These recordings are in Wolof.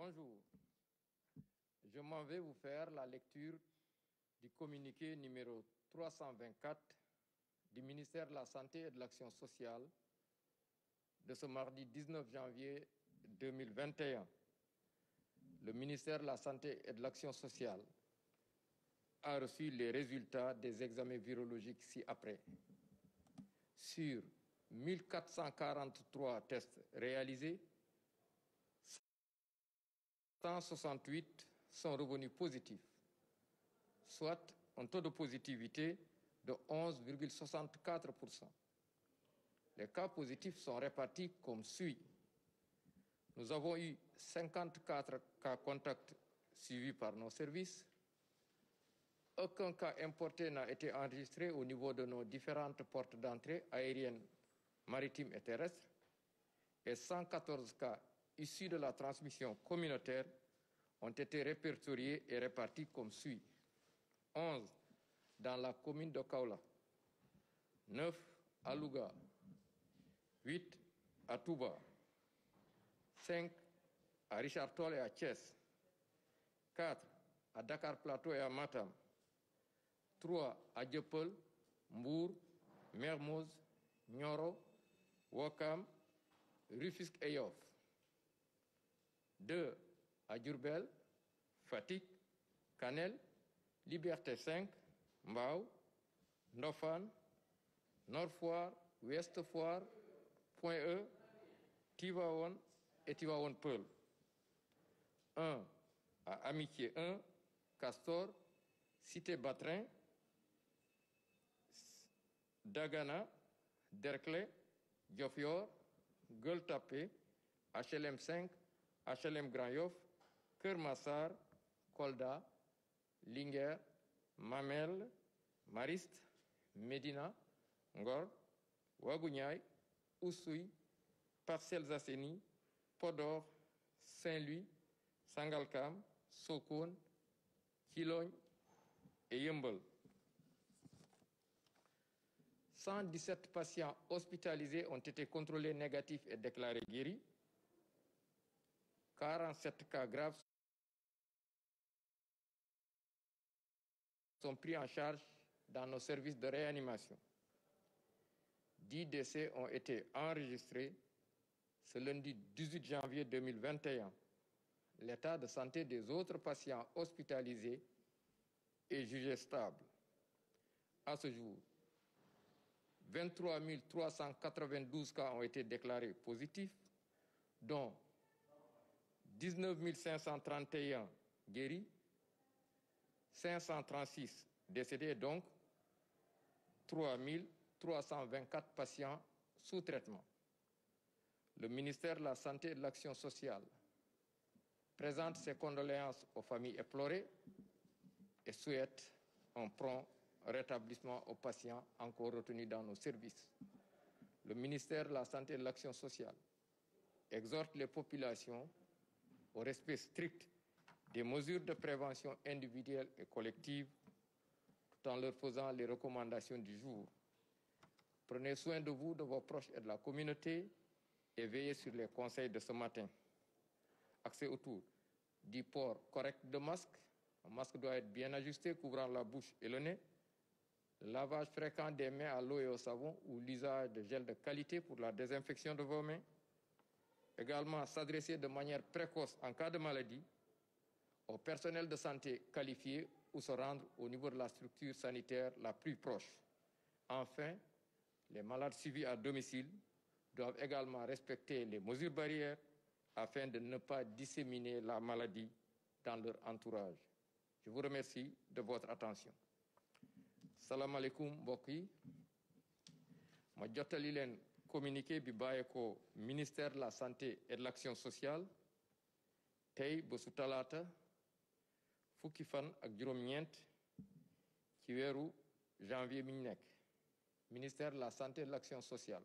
Bonjour. Je m'en faire la lecture du communiqué numéro 324 du ministère de la Santé et de l'Action sociale de ce mardi 19 janvier 2021. Le ministère la Santé et l'Action sociale a les résultats des examens virologiques ci-après. Sur 1443 tests réalisés, 168 sont revenus positifs, soit un de positivité de 11,64%. Les cas positifs sont répartis comme suit. Nous avons eu 54 cas contacts par nos services. Aucun cas importé n'a été enregistré au niveau de nos différentes portes d'entrée aériennes, maritimes et terrestres. Et 114 cas issus de la transmission communautaire ont été répertoriés et répartis comme suit. dans la commune de Kaola, 9 à Louga, 8 à Touba, 5 à Richard Toll et à Thiès, 4 à Dakar Plateau et à Matam, à Dieuppeul, Mbour, Mermoz, Nioro, Ouakam, Rufisque et 2 à Diourbel Fatick Kanel Liberté 5 Mbao Ndofane Nord Foire Ouest Foire Point E Tivaouane et Tivaouane Peulh 1 à Amitié Castor Cité Batrin Dagana Derklé Diofior Gueule HLM HLM Grand Yoff Kër Massar Kolda Linguère Mamel Mariste Médina Ngor Waguñaay Oussouye Parcelles Assainies Podor Saint-Louis Sangalkam Sokone Thilogne et Yeumbeul patients hospitalisés ont été contrôlés négatifs et déclarés guéris 47 cas graves sont pris en charge dans nos services de réanimation. 10 décès ont été enregistrés ce lundi 18 janvier 2021. L'état de santé des autres patients hospitalisés est jugé À ce jour, 23 392 cas ont été déclarés 19 531 guéris, 536 décédés, donc 3 324 patients sous traitement. Le ministère de la Santé et de l'Action sociale présente ses condoléances aux familles éplorées et souhaite un prompt rétablissement aux patients encore retenus dans nos services. Le ministère de la Santé et de l'Action sociale exhorte les populations au respect strict des mesures de prévention individuelle et collective, tout en leur faisant les recommandations du jour. Prenez soin de vous, de vos proches et de la communauté et veillez sur les conseils de ce matin. Accès autour du port correct de masque. Un masque doit être bien ajusté, couvrant la bouche et le nez. Lavage fréquent des mains à l'eau et au savon ou l'usage de gel de qualité pour la désinfection de vos mains. également s'adresser de manière précoce en cas de maladie au personnel de santé qualifié ou se rendre au niveau de la structure sanitaire la plus proche. Enfin, les malades suivis à domicile doivent également respecter les mesures barrières afin de ne pas disséminer la maladie dans leur entourage. Je vous remercie de votre attention. salaamaaleykum mbokk yi ma jottali leen communiqué bi bàyyeekoo ministère de la santé et de l'action sociale tey bésu talaata fukki fan ak juróom-ñeent ci weeru janvier mi nekk ministère de la santé et de l'action sociale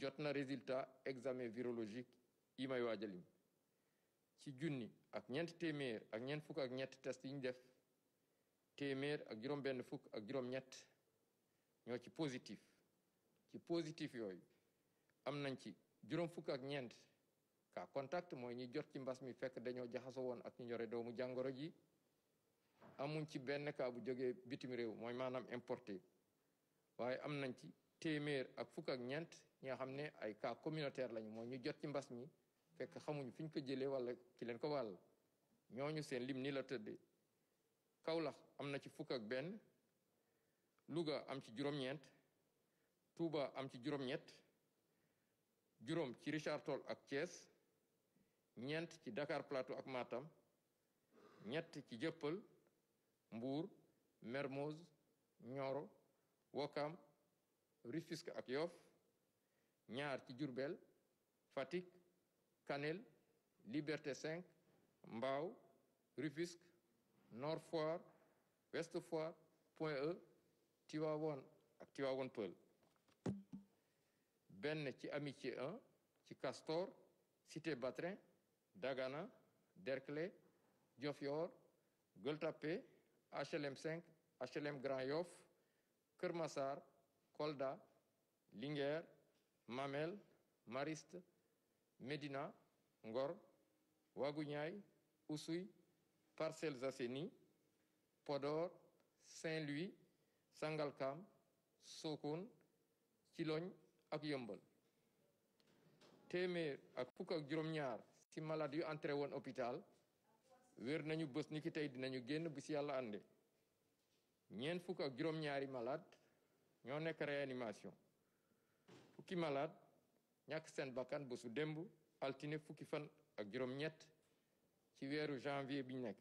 jot na résultat examen birologique yi may waajalim ci junni ak ñeent téeméer ak ñeent fukk ak ñett test yi ñu def téeméer ak juróom-benn fukk ak juróom-ñett ñoo ci positif ci positif yooyu am nañ ci juróom fukk ak ñeent cas contact mooy ñi jot ci mbas mi fekk dañoo jaxasoo woon ak ñu yore doomu jàngoro ji amuñ ci benn cas bu jógee bitim réew mooy maanaam importé waaye am nañ ci téeméer ak fukk ak ñeent ñi xam ne ay cas communautaire lañu mooy ñu jot ci mbas mi fekk xamuñu fiñ ko jëlee wala ci leen ko wàll ñooñu seen lim ni la tëdd kawlax am na ci fukk ak benn Louga am ci juróom-ñeent Touba am ci juróom-ñett juróom ci Richard Toll ak Thiès ñeent ci Dakar Plateau ak Matam ñett ci Jëppal Mbour Mermoz Nioro Wokam Rufisque ak Yoff ñaar ci Diourbel Fatick Kanel Liberté 5 Mbao Nord Foire Ouest Foire Point E Tivaouane ak Tivaouane Peulh benn ci amitié 1 ci Castor Cité Batrin Dagana Derklé Diofior Gueule Tapée HLM HLM Grand Yoff Keur Kolda Linguère Mamel Mariste Médina Ngor Waguñaay Oussouye Parcelles Assainies Podor Saint-Louis Sangalkam Sokone Thilogne ak yëmbal téeméer ak fukk ak juróom-ñaar ci malade yu entré woon hôpital wér nañu bës nikki ki tey dinañu génn bu ci yàlla ànde ñeent fukk ak juróom-ñaari malade ñoo nekk réanimation fukki malade ñàkk seen bakkan bësu démb altine fukki fan ak juróom-ñett ci weeru janvier bi ñu nekk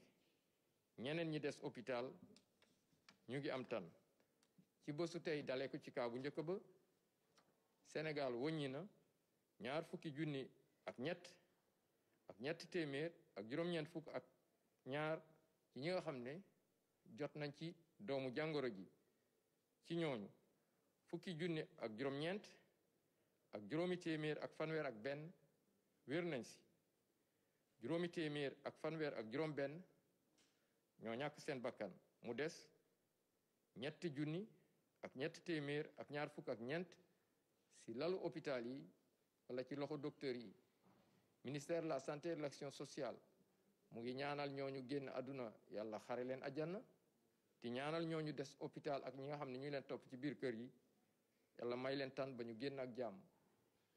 ñeneen ñi des hôpital ñu ngi am tan ci bésu tey dalee ci kaa njëkk ba Sénégal wëññi na ñaar fukki junni ak ñett ak ñett téeméer ak juróom-ñeent fukk ak ñaar ci ñi nga xam ne jot nañ ci doomu jàngoro ji ci ñooñu fukki junni ak juróom-ñeent ak juróomi téeméer ak fanweer ak benn wér nañ ci juróomi téeméer ak fanweer ak juróom-benn ñoo ñàkk seen bakkan mu des ñetti junni ak ñetti téeméer ak ñaar fukk ak ñeent ci lalu hôpital yi wala ci loxo docteur yi ministère la santé et de l'action sociale mu ngi ñaanal ñu génn àdduna yàlla xare leen àjjana te ñaanal ñu des hôpital ak ñi nga xam ne ñu leen topp ci biir kër yi yàlla may leen tànn ba ñu génn ak jàmm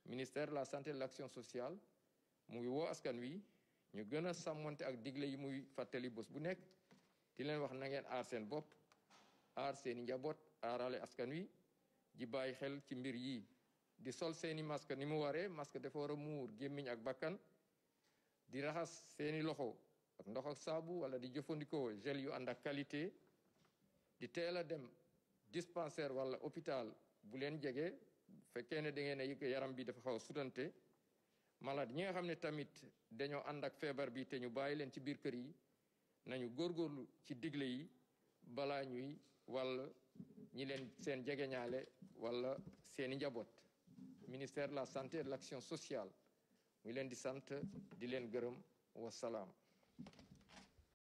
ministère de la santé et de l'action sociale mu ngi woo askan wi ñu gën a sàmmante ak digle yi muy fàttali bos bu nekk di leen wax nangeen ngeen aar seen bopp aar seeni njaboot aarale askan wi ji bàyyi xel ci mbir yi di sol seeni masque ni mu waree masque dafa war a muur gémmiñ ak bakkan di raxas seeni loxo ak ndox ak saabu wala di jëfandikoo gel yu ànd ak qualité di teel a dem dispensaire wala hôpital bu leen jege bu fekkee ne da ngeen a yaram bi dafa xaw a sutante malade ñi nga xam ne tamit dañoo ànd ak feebar bi te ñu bàyyi leen ci biir kër yi nañu góor góorlu ci digle yi balaa ñuy wàll ñi leen seen jegeñaale wala seeni njaboot. ministère de la santé et de l'action sociale muy leen di sant di leen gërëm wasalaam